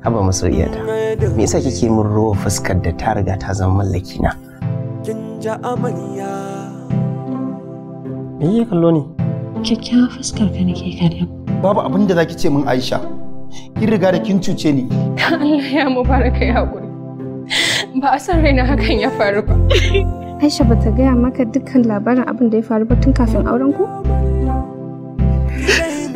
Haba masoyiyata, me yasa kike min ruwa fuskar da ta riga ta zama mallaki na? Kin ja amaniya. Me yake kallo ne? Kyakkyawa fuskar ka nake kare. Babu abin da zaki ce min Aisha. Kin riga da kin cuce ni. Allah ya mubaraka ya hakuri. Ba a san raina hakan ya faru ba. Aisha bata gaya maka dukkan labarin abin da ya faru ba tun kafin auren ku?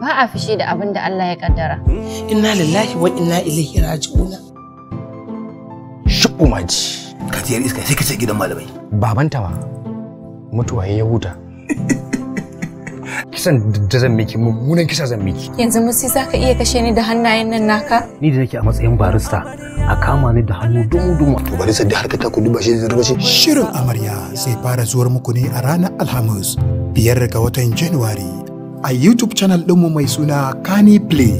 ba a fushi da abin da Allah ya kaddara. Inna lillahi wa inna ilaihi raji'una. Shubu maji. Katiyar iska sai kace gidan malamai. Baban tawa. Mutuwa ya huta. Kisan da zan miki mummunan kisa zan miki. Yanzu musi za ka iya kashe ni da hannayen nan naka? Ni da nake a matsayin barista a kama ni da hannu dumu dumu. To bari sai da harkata ku duba shi da zarba shi. Shirin amarya zai fara zuwar muku ne a ranar Alhamis biyar ga watan Januwari a YouTube channel ɗinmu mai suna Kani Play.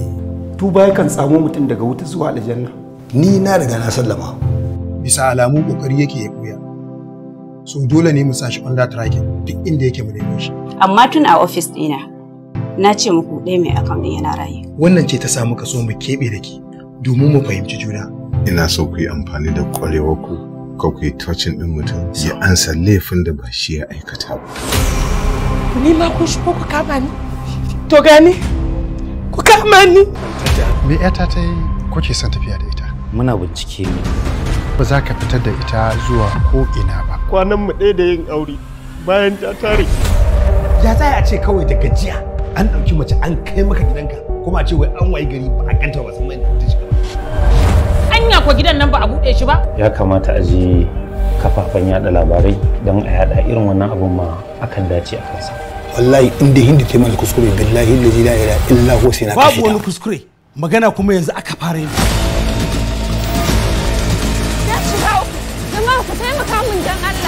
Tuba kan tsamo mutum daga wuta zuwa aljanna. Ni na riga na sallama. Bisa alamu kokari yake ya ɓuya. So dole ne mu shi under tracking duk inda yake mu daidai shi. Amma tun a ofis ɗina na ce muku ɗaya mai akan ɗin yana raye. Wannan ce ta samu kaso mu keɓe da ke domin mu fahimci juna. Ina so ku yi amfani da ƙwarewarku ka ku yi tocin ɗin mutum ya ansa laifin da ba shi ya aikata ba. Ni ma kun shi ko ku kama ni? to gani ku kama ni me yata ta yi kuke son tafiya da ita muna bincike ne ba za ka fitar da ita zuwa ko ina ba kwanan mu ɗaya da yin aure bayan ta tare ya za a ce kawai da gajiya an ɗauki mace an kai maka gidanka kuma a ce wai an waye gari ba a ganta ba san mai ta shiga anya ko gidan nan ba a buɗe shi ba ya kamata a je kafafen yada labarai don a yada irin wannan abun ma akan dace a kansa wallahi inda hindi ta mana kuskure billahi allazi la ilaha illa huwa sai na babu wani kuskure magana kuma yanzu aka fara yi ya taimaka mun dan